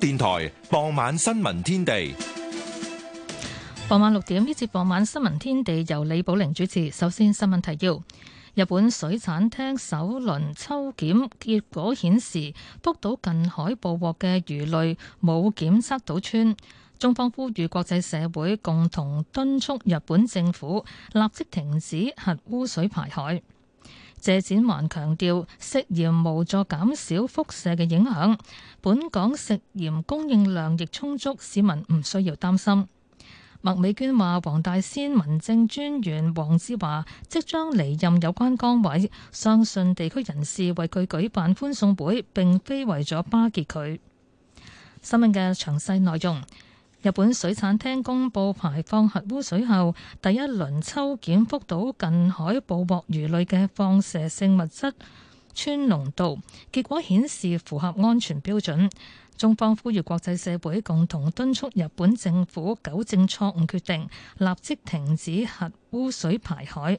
電台傍晚新聞天地。傍晚六點呢節傍晚新聞天地由李寶玲主持。首先，新聞提要：日本水產廳首輪抽檢結果顯示，福島近海捕獲嘅魚類冇檢測到氚。中方呼籲國際社會共同敦促日本政府立即停止核污水排海。謝展環強調食鹽無助減少輻射嘅影響，本港食鹽供應量亦充足，市民唔需要擔心。麥美娟話：黃大仙民政專員黃志華即將離任有關崗位，相信地區人士為佢舉辦歡送會，並非為咗巴結佢。新聞嘅詳細內容。日本水產廳公布排放核污水後，第一輪抽檢福島近海捕獲魚類嘅放射性物質氚濃度，結果顯示符合安全標準。中方呼籲國際社會共同敦促日本政府糾正錯誤決定，立即停止核污水排海。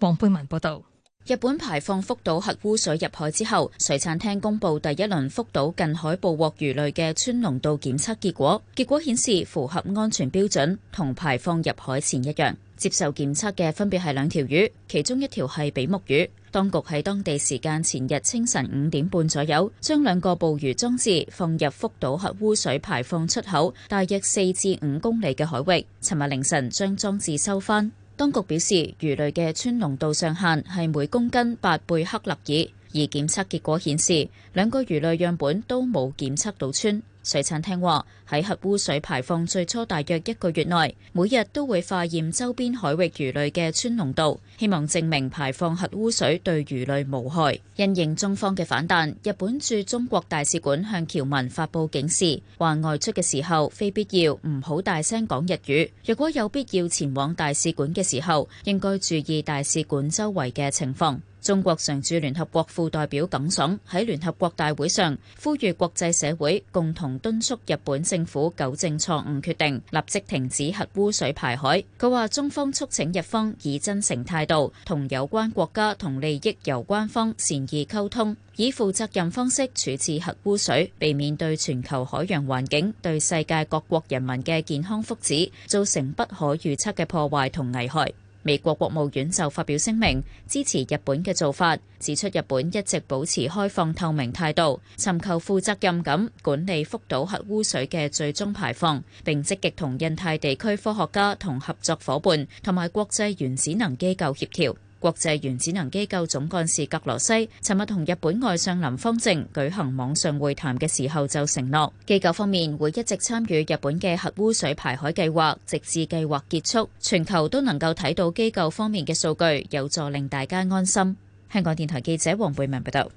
黃佩文報道。日本排放福島核污水入海之後，水產廳公布第一輪福島近海捕獲魚類嘅氚濃度檢測結果，結果顯示符合安全標準，同排放入海前一樣。接受檢測嘅分別係兩條魚，其中一條係比目魚。當局喺當地時間前日清晨五點半左右，將兩個捕魚裝置放入福島核污水排放出口大約四至五公里嘅海域，尋日凌晨將裝置收返。當局表示，魚類嘅氚濃度上限係每公斤八貝克勒爾，而檢測結果顯示兩個魚類樣本都冇檢測到氚。水產廳話喺核污水排放最初大約一個月內，每日都會化驗周邊海域魚類嘅氚濃度，希望證明排放核污水對魚類無害。因應中方嘅反彈，日本駐中國大使館向僑民發布警示，話外出嘅時候非必要唔好大聲講日語，若果有必要前往大使館嘅時候，應該注意大使館周圍嘅情況。中國常駐聯合國副代表耿爽喺聯合國大會上呼籲國際社會共同敦促日本政府糾正錯誤決定，立即停止核污水排海。佢話中方促請日方以真誠態度同有關國家同利益攸關方善意溝通，以負責任方式處置核污水，避免對全球海洋環境、對世界各國人民嘅健康福祉造成不可預測嘅破壞同危害。美國國務院就發表聲明，支持日本嘅做法，指出日本一直保持開放透明態度，尋求負責任咁管理福島核污水嘅最終排放，並積極同印太地區科學家同合作伙伴同埋國際原子能機構協調。國際原子能機構總幹事格羅西尋日同日本外相林芳正舉行網上會談嘅時候就承諾，機構方面會一直參與日本嘅核污水排海計劃，直至計劃結束。全球都能夠睇到機構方面嘅數據，有助令大家安心。香港電台記者王貝文報道。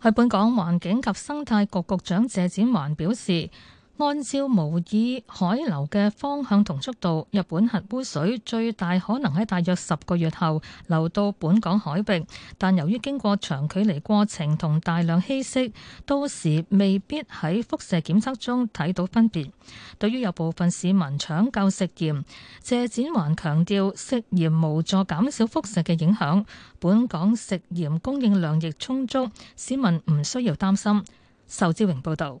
喺本港環境及生態局局長謝展寰表示，按照模擬海流嘅方向同速度，日本核污水最大可能喺大約十個月後流到本港海域。但由於經過長距離過程同大量稀釋，到時未必喺輻射檢測中睇到分別。對於有部分市民搶購食鹽，謝展環強調食鹽無助減少輻射嘅影響。本港食鹽供應量亦充足，市民唔需要擔心。仇志榮報導。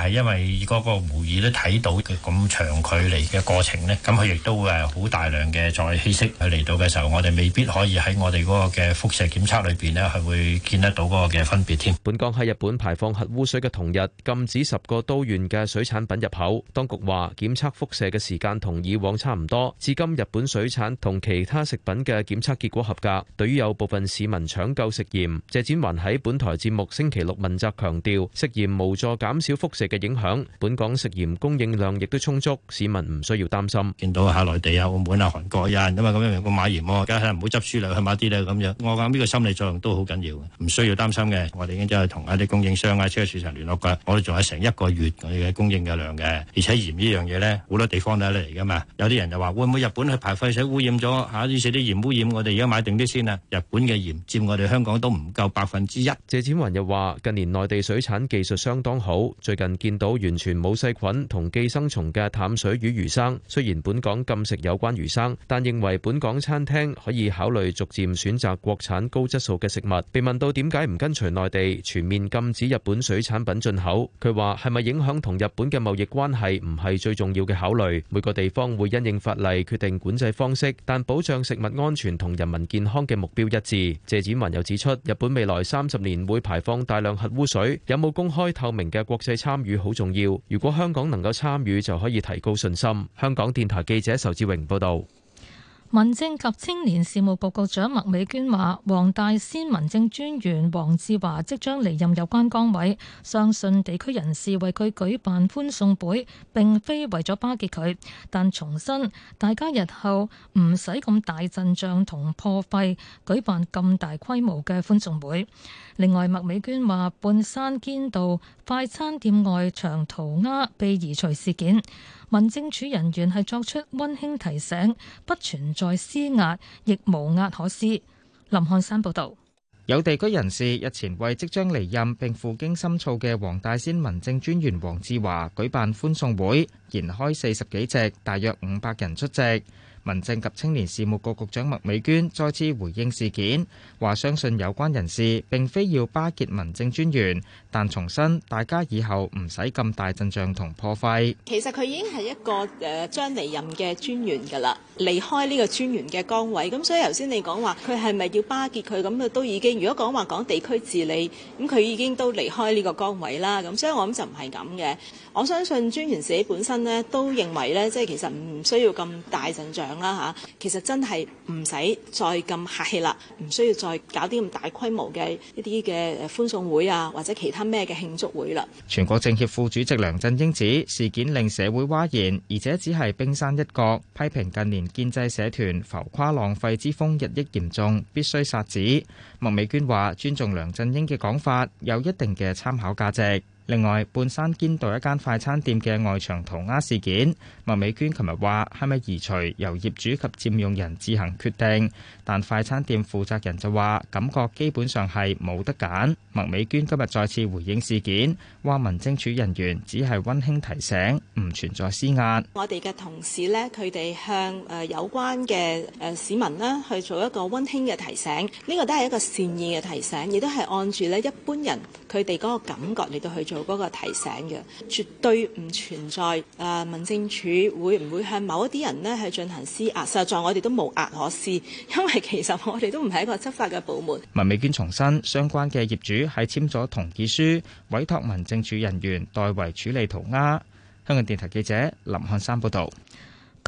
係因為嗰個模擬咧睇到佢咁長距離嘅過程咧，咁佢亦都係好大量嘅再稀釋佢嚟到嘅時候，我哋未必可以喺我哋嗰個嘅輻射檢測裏邊咧係會見得到嗰個嘅分別添。本港喺日本排放核污水嘅同日禁止十個都縣嘅水產品入口，當局話檢測輻射嘅時間同以往差唔多，至今日本水產同其他食品嘅檢測結果合格。對於有部分市民搶購食鹽，謝展寰喺本台節目星期六問責強調，食鹽無助減少輻射。嘅影響，本港食鹽供應量亦都充足，市民唔需要擔心。見到吓內地啊、澳門啊、韓國有人因為咁樣要買鹽喎，梗係唔好執輸兩去買啲咧咁樣。我講呢個心理作用都好緊要嘅，唔需要擔心嘅。我哋已經真係同一啲供應商啊、超級市場聯絡㗎，我哋仲有成一個月我哋嘅供應嘅量嘅。而且鹽呢樣嘢咧，好多地方都得嚟噶嘛。有啲人就話會唔會日本去排廢水污染咗嚇，下次食啲鹽污染我哋而家買定啲先啊。日本嘅鹽佔我哋香港都唔夠百分之一。謝展雲又話：近年內地水產技術相當好，最近，見到完全冇細菌同寄生蟲嘅淡水魚魚生，雖然本港禁食有關魚生，但認為本港餐廳可以考慮逐漸選擇國產高質素嘅食物。被問到點解唔跟隨內地全面禁止日本水產品進口，佢話係咪影響同日本嘅貿易關係唔係最重要嘅考慮，每個地方會因應法例決定管制方式，但保障食物安全同人民健康嘅目標一致。謝展文又指出，日本未來三十年會排放大量核污水，有冇公開透明嘅國際參與？好重要！如果香港能夠參與就可以提高信心。香港電台記者仇志榮報道。民政及青年事務局局長麥美娟話：黃大仙民政專員黃志華即將離任有關崗位，相信地區人士為佢舉辦歡送會，並非為咗巴結佢，但重申大家日後唔使咁大陣仗同破費舉辦咁大規模嘅歡送會。另外，麥美娟話：半山堅道快餐店外牆塗鴉被移除事件。民政處人員係作出溫馨提醒，不存在施壓，亦無壓可施。林漢山報道，有地區人士日前為即將離任並赴京深造嘅黃大仙民政專員黃志華舉辦歡送會，延開四十幾席，大約五百人出席。民政及青年事務局局長麥美娟再次回應事件，話相信有關人士並非要巴結民政專員，但重申大家以後唔使咁大陣仗同破費。其實佢已經係一個誒將離任嘅專員噶啦，離開呢個專員嘅崗位。咁所以頭先你講話佢係咪要巴結佢咁啊，都已經。如果講話講地區治理，咁佢已經都離開呢個崗位啦。咁所以我諗就唔係咁嘅。我相信專員自己本身咧，都認為咧，即係其實唔需要咁大陣仗。啦嚇，其實真係唔使再咁客氣啦，唔需要再搞啲咁大規模嘅一啲嘅歡送會啊，或者其他咩嘅慶祝會啦。全國政協副主席梁振英指事件令社會嘩然，而且只係冰山一角，批評近年建制社團浮誇浪費之風日益嚴重，必須殺止。麥美娟話尊重梁振英嘅講法，有一定嘅參考價值。另外，半山堅道一間快餐店嘅外牆塗鴉事件，麥美娟琴日話係咪移除由業主及佔用人自行決定，但快餐店負責人就話感覺基本上係冇得揀。麥美娟今日再次回應事件，話民政署人員只係溫馨提醒，唔存在施壓，我哋嘅同事咧，佢哋向誒有關嘅誒市民咧去做一個溫馨嘅提醒，呢個都係一個善意嘅提醒，亦都係按住咧一般人佢哋嗰個感覺嚟到去做。嗰個提醒嘅，絕對唔存在。誒，民政處會唔會向某一啲人呢去進行施壓？實在我哋都冇壓可施，因為其實我哋都唔係一個執法嘅部門。文美娟重申，相關嘅業主係簽咗同意書，委託民政處人員代為處理塗鴉。香港電台記者林漢山報導。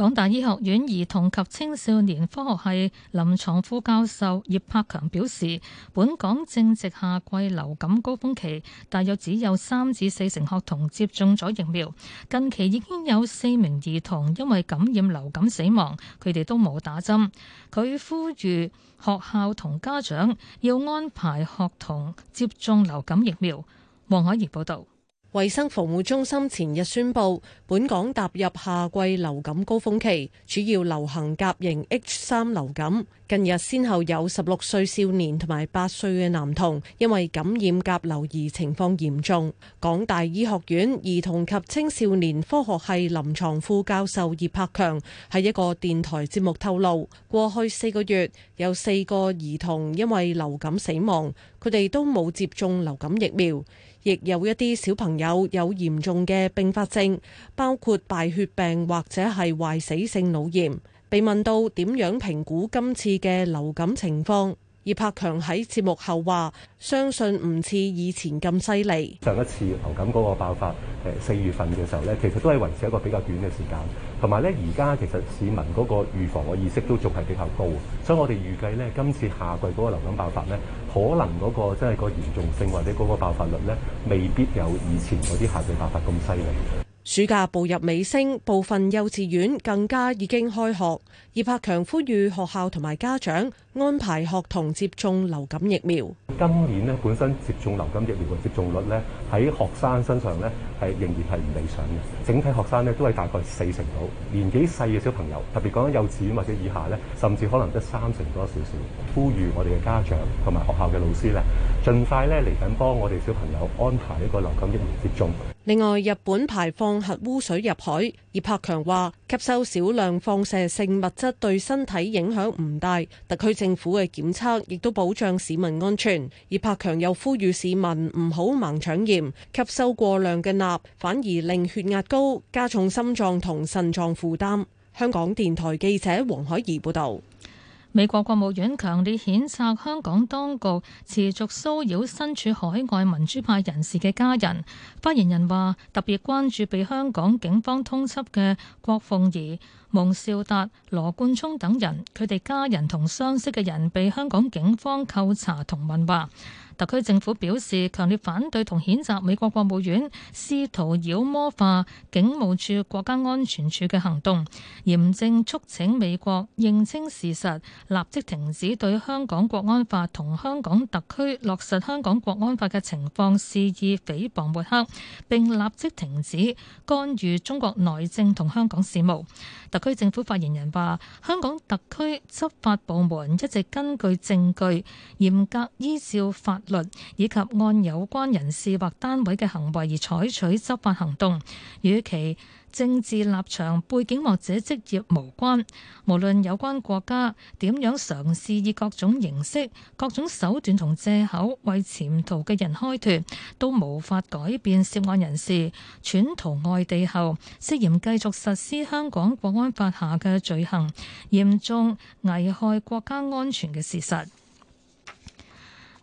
港大醫學院兒童及青少年科學系臨床副教授葉柏強表示，本港正值夏季流感高峰期，大約只有三至四成學童接種咗疫苗。近期已經有四名兒童因為感染流感死亡，佢哋都冇打針，佢呼籲學校同家長要安排學童接種流感疫苗。黃海怡報道。衛生服務中心前日宣布，本港踏入夏季流感高峰期，主要流行甲型 H3 流感。近日先後有十六歲少年同埋八歲嘅男童因為感染甲流而情況嚴重。港大醫學院兒童及青少年科學系臨牀副教授葉柏強喺一個電台節目透露，過去四個月有四個兒童因為流感死亡，佢哋都冇接種流感疫苗，亦有一啲小朋友有嚴重嘅併發症，包括敗血病或者係壞死性腦炎。被問到點樣評估今次嘅流感情況，葉柏強喺節目後話：相信唔似以前咁犀利。上一次流感嗰個爆發，誒四月份嘅時候咧，其實都係維持一個比較短嘅時間，同埋咧而家其實市民嗰個預防嘅意識都仲係比較高，所以我哋預計咧今次夏季嗰個流感爆發咧，可能嗰個真係個嚴重性或者嗰個爆發率咧，未必有以前嗰啲夏季爆發咁犀利。暑假步入尾聲，部分幼稚園更加已經開學。葉柏強呼籲學校同埋家長，安排學童接種流感疫苗。今年咧，本身接種流感疫苗嘅接種率咧，喺學生身上咧，係仍然係唔理想嘅。整體學生咧，都係大概四成到。年紀細嘅小朋友，特別講緊幼稚園或者以下咧，甚至可能得三成多少少。呼籲我哋嘅家長同埋學校嘅老師咧，盡快咧嚟緊幫我哋小朋友安排呢個流感疫苗接種。另外，日本排放核污水入海。葉柏強話：吸收少量放射性物質對身體影響唔大，特區政府嘅檢測亦都保障市民安全。葉柏強又呼籲市民唔好盲搶鹽，吸收過量嘅鈉反而令血壓高，加重心臟同腎臟負擔。香港電台記者黃海怡報道。美國國務院強烈譴責香港當局持續騷擾身處海外民主派人士嘅家人。發言人話：特別關注被香港警方通緝嘅郭鳳儀、蒙兆達、羅冠聰等人，佢哋家人同相識嘅人被香港警方扣查同問話。特區政府表示，強烈反對同譴責美國國務院試圖妖魔化警務處國家安全處嘅行動，嚴正促請美國認清事實，立即停止對香港國安法同香港特區落實香港國安法嘅情況肆意誹謗抹黑，並立即停止干預中國內政同香港事務，特區政府發言人話：香港特區執法部門一直根據證據嚴格依照法。以及按有關人士或單位嘅行為而採取執法行動，與其政治立場背景或者職業無關。無論有關國家點樣嘗試以各種形式、各種手段同借口為潛逃嘅人開脫，都無法改變涉案人士竄逃外地後，涉嫌繼續實施香港國安法下嘅罪行，嚴重危害國家安全嘅事實。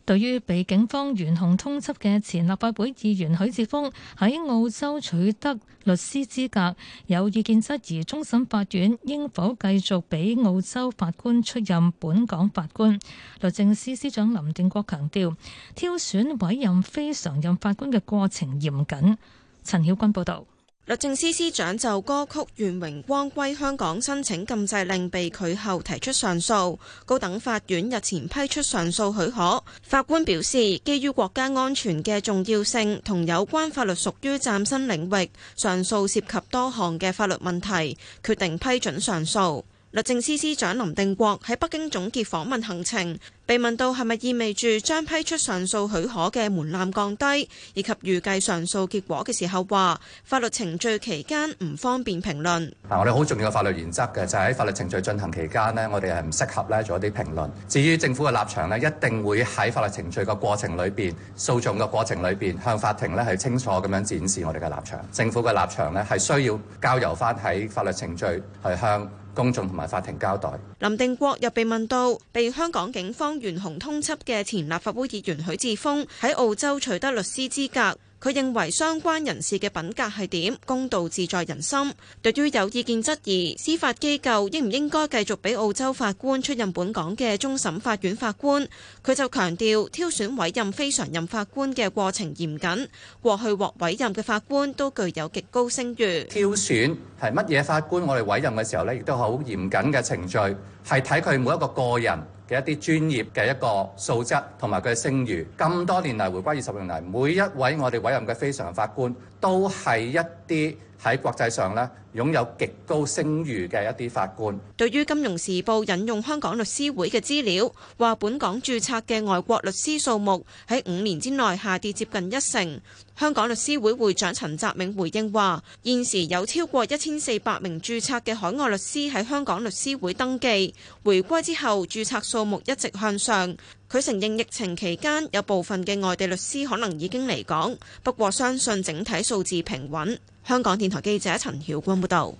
對於被警方懸紅通緝嘅前立法會議員許智峰喺澳洲取得律師資格，有意見質疑終審法院應否繼續俾澳洲法官出任本港法官。律政司司長林定國強調，挑選委任非常任法官嘅過程嚴謹。陳曉君報導。律政司司長就歌曲《願榮光歸香港》申請禁制令被拒後提出上訴，高等法院日前批出上訴許可。法官表示，基於國家安全嘅重要性同有關法律屬於嶄新領域，上訴涉及多項嘅法律問題，決定批准上訴。律政司司長林定國喺北京總結訪問行程，被問到係咪意味住將批出上訴許可嘅門檻降低，以及預計上訴結果嘅時候，話法律程序期間唔方便評論。嗱，我哋好重要嘅法律原則嘅就係喺法律程序進行期間呢，我哋係唔適合咧做一啲評論。至於政府嘅立場呢，一定會喺法律程序嘅過程裏邊訴訟嘅過程裏邊向法庭呢係清楚咁樣展示我哋嘅立場。政府嘅立場呢，係需要交由翻喺法律程序去向公眾同埋法庭交代。林定國又被問到，被香港警方懸紅通緝嘅前立法會議員許智峰喺澳洲取得律師資格。佢認為相關人士嘅品格係點？公道自在人心。對於有意見質疑司法機構應唔應該繼續俾澳洲法官出任本港嘅終審法院法官，佢就強調挑選委任非常任法官嘅過程嚴謹，過去獲委任嘅法官都具有極高聲譽。挑選係乜嘢法官？我哋委任嘅時候呢，亦都好嚴謹嘅程序，係睇佢每一個個人。嘅一啲專業嘅一個素質同埋佢嘅聲譽，咁多年嚟，回歸二十年嚟，每一位我哋委任嘅非常任法官都係一啲。喺國際上咧，擁有極高聲譽嘅一啲法官。對於《金融時報》引用香港律師會嘅資料，話本港註冊嘅外國律師數目喺五年之內下跌接近一成。香港律師會會長陳澤銘回應話：現時有超過一千四百名註冊嘅海外律師喺香港律師會登記。回歸之後，註冊數目一直向上。佢承認疫情期間有部分嘅外地律師可能已經離港，不過相信整體數字平穩。香港電台記者陳曉君報道，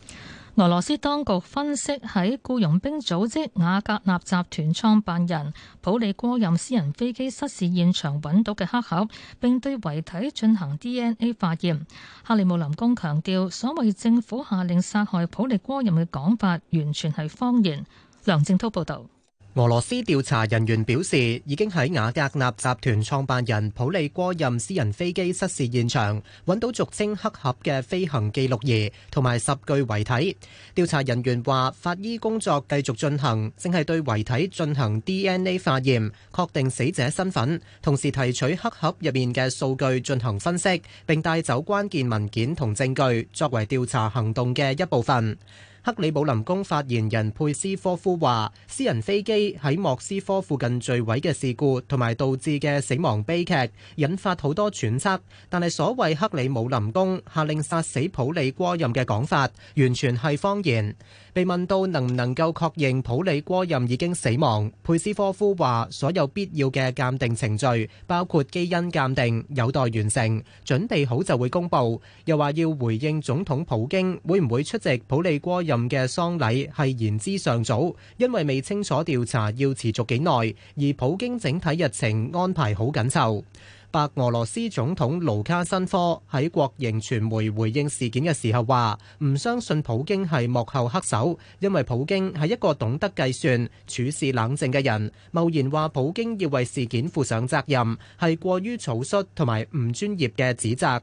俄羅斯當局分析喺僱傭兵組織瓦格納集團創辦人普利戈任私人飛機失事現場揾到嘅黑盒，並對遺體進行 DNA 化驗。克里姆林宮強調，所謂政府下令殺害普利戈任嘅講法，完全係謊言。梁正滔報道。俄羅斯調查人員表示，已經喺瓦格納集團創辦人普利戈任私人飛機失事現場揾到俗稱黑盒嘅飛行記錄儀同埋十具遺體。調查人員話，法醫工作繼續進行，正係對遺體進行 DNA 化驗，確定死者身份，同時提取黑盒入面嘅數據進行分析，並帶走關鍵文件同證據作為調查行動嘅一部分。克里姆林宮發言人佩斯科夫話，私人飛機喺莫斯科附近墜毀嘅事故同埋導致嘅死亡悲劇，引發好多揣測。但係所謂克里姆林宮下令殺死普里戈任嘅講法，完全係謊言。被問到能唔能夠確認普里戈任已經死亡，佩斯科夫話：所有必要嘅鑑定程序，包括基因鑑定，有待完成，準備好就會公佈。又話要回應總統普京會唔會出席普里戈任嘅喪禮，係言之尚早，因為未清楚調查要持續幾耐，而普京整體日程安排好緊湊。白俄羅斯總統盧卡申科喺國營傳媒回應事件嘅時候話：唔相信普京係幕後黑手，因為普京係一個懂得計算、處事冷靜嘅人。貿然話普京要為事件負上責任，係過於草率同埋唔專業嘅指責。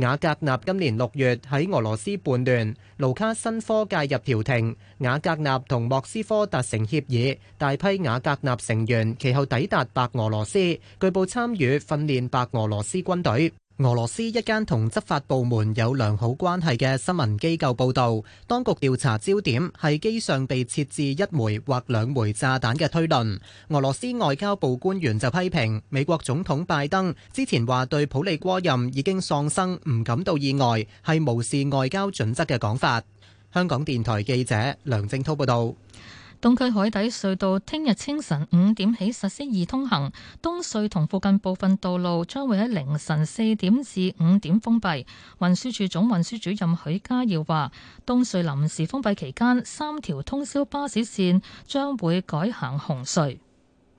瓦格納今年六月喺俄羅斯叛亂，盧卡申科介入調停，瓦格納同莫斯科達成協議，大批瓦格納成員其後抵達白俄羅斯，據報參與訓練白俄羅斯軍隊。俄羅斯一間同執法部門有良好關係嘅新聞機構報導，當局調查焦點係機上被設置一枚或兩枚炸彈嘅推論。俄羅斯外交部官員就批評美國總統拜登之前話對普利戈任已經喪生唔感到意外，係無視外交準則嘅講法。香港電台記者梁正滔報導。東區海底隧道聽日清晨五點起實施易通行，東隧同附近部分道路將會喺凌晨四點至五點封閉。運輸署總運輸主任許家耀話：東隧臨時封閉期間，三條通宵巴士綫將會改行紅隧。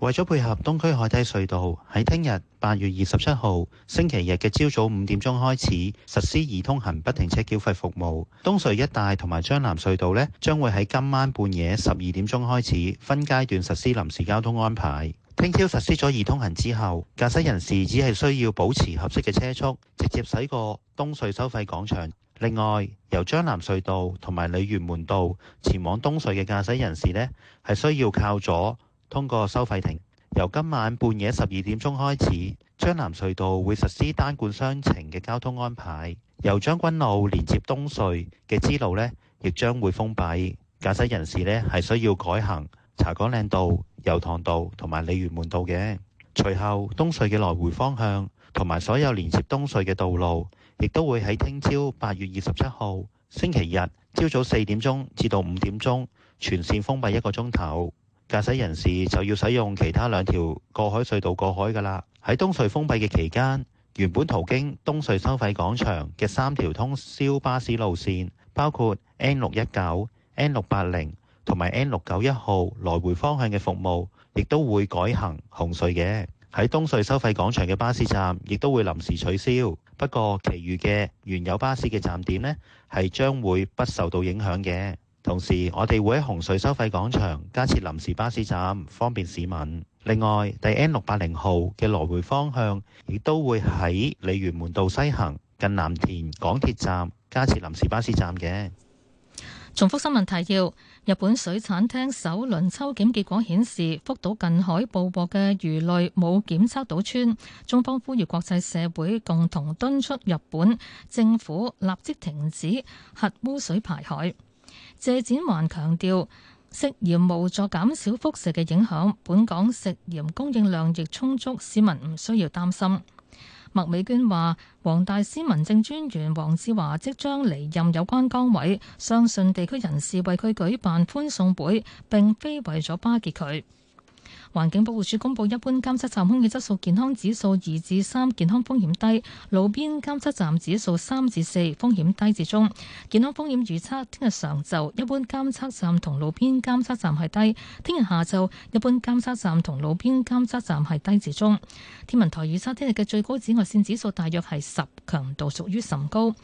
為咗配合東區海底隧道，喺聽日八月二十七號星期日嘅朝早五點鐘開始實施易通行不停車繳費服務。東隧一帶同埋將藍隧道呢將會喺今晚半夜十二點鐘開始分階段實施臨時交通安排。聽朝實施咗易通行之後，駕駛人士只係需要保持合適嘅車速，直接駛過東隧收費廣場。另外，由將藍隧道同埋鯉魚門道前往東隧嘅駕駛人士呢係需要靠左。通過收費亭，由今晚半夜十二點鐘開始，將南隧道會實施單管雙程嘅交通安排。由將軍路連接東隧嘅支路呢，亦將會封閉。駕駛人士呢，係需要改行茶果嶺道、油塘道同埋鯉魚門道嘅。隨後，東隧嘅來回方向同埋所有連接東隧嘅道路，亦都會喺聽朝八月二十七號星期日朝早四點鐘至到五點鐘，全線封閉一個鐘頭。駕駛人士就要使用其他兩條過海隧道過海㗎啦。喺東隧封閉嘅期間，原本途經東隧收費廣場嘅三條通宵巴士路線，包括 N 六一九、N 六八零同埋 N 六九一號來回方向嘅服務，亦都會改行紅隧嘅。喺東隧收費廣場嘅巴士站，亦都會臨時取消。不過，其餘嘅原有巴士嘅站點呢，係將會不受到影響嘅。同時，我哋會喺洪水收費廣場加設臨時巴士站，方便市民。另外，第 N 六八零號嘅來回方向亦都會喺鯉魚門道西行近藍田港鐵站加設臨時巴士站嘅。重複新聞提要：日本水產廳首輪抽檢結果顯示，福島近海捕獲嘅魚類冇檢測到氚。中方呼籲國際社會共同敦促日本政府立即停止核污水排海。謝展寰強調，食鹽無助減少輻射嘅影響，本港食鹽供應量亦充足，市民唔需要擔心。麥美娟話，黃大仙民政專員黃志華即將離任有關崗位，相信地區人士為佢舉辦歡送會，並非為咗巴結佢。環境保護署公布，一般監測站空氣質素健康指數二至三，健康風險低；路邊監測站指數三至四，風險低至中。健康風險預測：聽日上晝一般監測站同路邊監測站係低；聽日下晝一般監測站同路邊監測站係低至中。天文台預測，聽日嘅最高紫外線指數大約係十，強度屬於甚高。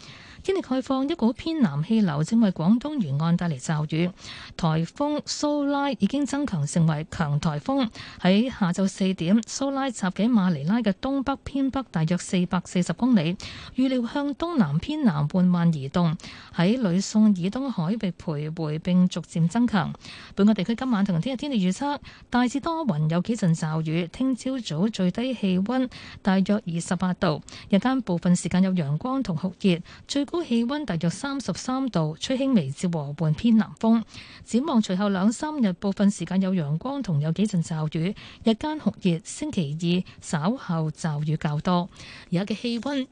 天氣開放一股偏南氣流正為廣東沿岸帶嚟驟雨，颱風蘇拉已經增強成為強颱風。喺下晝四點，蘇拉集結馬尼拉嘅東北偏北大約四百四十公里，預料向東南偏南緩慢移動，喺呂宋以東海域徘徊並逐漸增強。本港地區今晚同聽日天氣預測大致多雲，有幾陣驟雨，聽朝早最低氣温大約二十八度，日間部分時間有陽光同酷熱，最。高氣溫大約三十三度，吹輕微至和緩偏南風。展望隨後兩三日，部分時間有陽光同有幾陣驟雨。日間酷熱，星期二稍後驟雨較多。而家嘅氣溫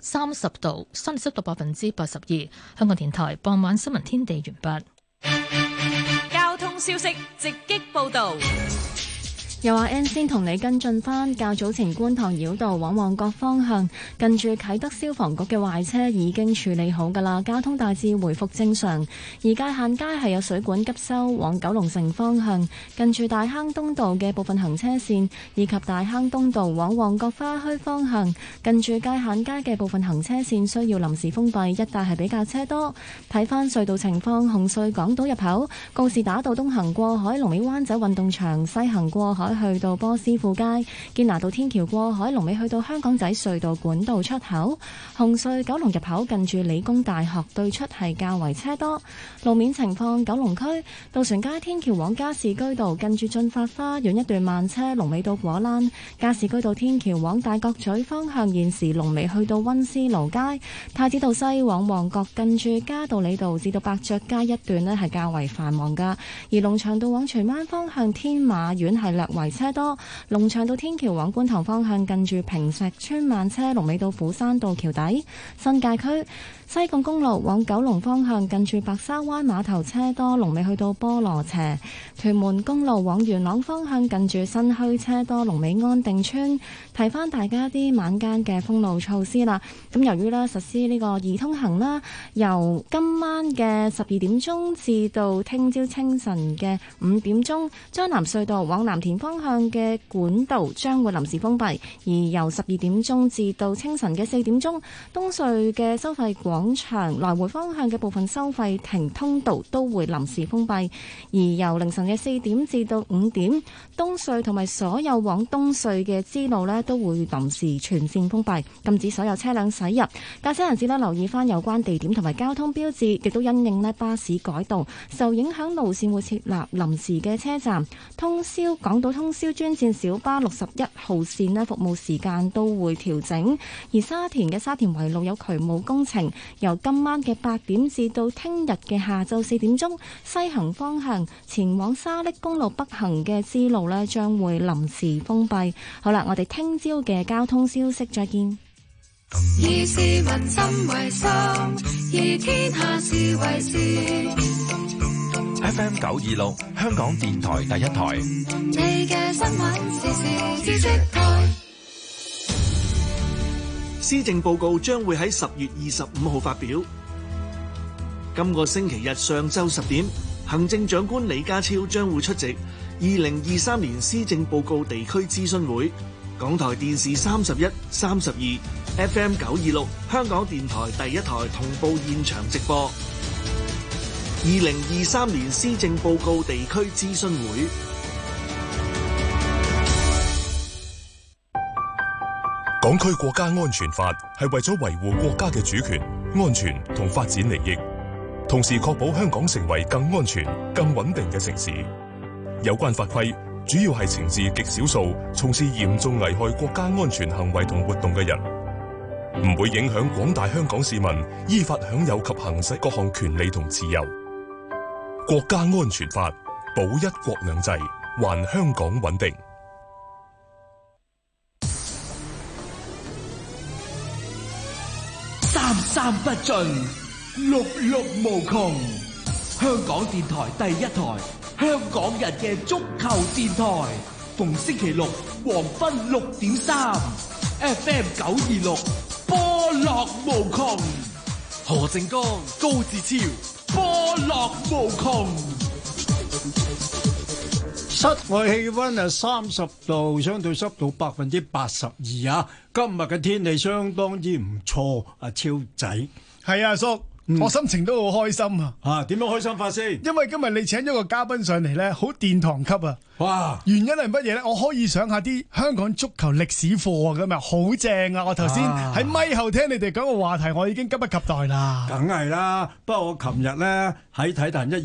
三十度，相對濕度百分之八十二。香港電台傍晚新聞天地完畢。交通消息直擊報道。又話 N 先同你跟進翻，較早前觀塘繞道往旺角方向，近住啟德消防局嘅壞車已經處理好㗎啦，交通大致回復正常。而界限街係有水管急修，往九龍城方向，近住大坑東道嘅部分行車線，以及大坑東道往旺角花墟方向，近住界限街嘅部分行車線需要臨時封閉，一帶係比較車多。睇翻隧道情況，紅隧港島入口，告士打道東行過海，龍尾灣仔運動場，西行過海，去到波斯富街、建拿道天橋過海，龍尾去到香港仔隧道管道出口；紅隧九龍入口近住理工大學對出係較為車多，路面情況。九龍區渡船街天橋往加士居道近住駿發花園，有一段慢車，龍尾到果欄。加士居道天橋往大角咀方向，現時龍尾去到温思勞街、太子道西往旺角近住嘉道理道至到百爵街一段咧係較為繁忙噶。而龍翔道往荃灣方向，天馬苑係略。圍車多，龍翔道天橋往觀塘方向近住坪石邨慢車，龍尾到斧山道橋底；新界區西貢公路往九龍方向近住白沙灣碼頭車多，龍尾去到菠蘿輋；屯門公路往元朗方向近住新墟車多，龍尾安定村。提翻大家一啲晚間嘅封路措施啦。咁由於呢實施呢個二通行啦，由今晚嘅十二點鐘至到聽朝清晨嘅五點鐘，將藍隧道往藍田方向嘅管道將會臨時封閉，而由十二點鐘至到清晨嘅四點鐘，東隧嘅收費廣場來回方向嘅部分收費亭通道都會臨時封閉；而由凌晨嘅四點至到五點，東隧同埋所有往東隧嘅支路咧都會臨時全線封閉，禁止所有車輛駛入。駕駛人士咧留意翻有關地點同埋交通標誌，亦都因應咧巴士改道，受影響路線會設立臨時嘅車站。通宵港島通宵專線小巴六十一號線咧，服務時間都會調整。而沙田嘅沙田圍路有渠務工程，由今晚嘅八點至到聽日嘅下晝四點鐘，西行方向前往沙瀝公路北行嘅支路咧，將會臨時封閉。好啦，我哋聽朝嘅交通消息再見。F M 九二六香港電台第一台。你嘅新聞時事知識台。施 政報告將會喺十月二十五號發表。今個星期日上晝十點，行政長官李家超將會出席二零二三年施政報告地區諮詢會。港台電視三十一、三十二、F M 九二六香港電台第一台同步現場直播。二零二三年施政報告地區諮詢會，港區國家安全法係為咗維護國家嘅主權、安全同發展利益，同時確保香港成為更安全、更穩定嘅城市。有關法規主要係懲治極少數從事嚴重危害國家安全行為同活動嘅人，唔會影響廣大香港市民依法享有及行使各項權利同自由。國家安全法保一國兩制，還香港穩定。三三不盡，六六無窮。香港電台第一台，香港人嘅足球電台，逢星期六黃昏六點三，FM 九二六，波樂無窮。何靜江，高志超。波浪無窮，室外氣溫啊三十度，相對濕度百分之八十二啊。今日嘅天氣相當之唔錯啊，超仔，係啊，叔。嗯、我心情都好開心啊！吓，點樣開心法、啊、先？因為今日你請咗個嘉賓上嚟咧，好殿堂級啊！哇，原因係乜嘢咧？我可以上下啲香港足球歷史課啊咁啊，好正啊！我頭先喺咪後聽你哋講個話題，我已經急不及待啦！梗係啦，不過我琴日咧喺睇《體壇一二》。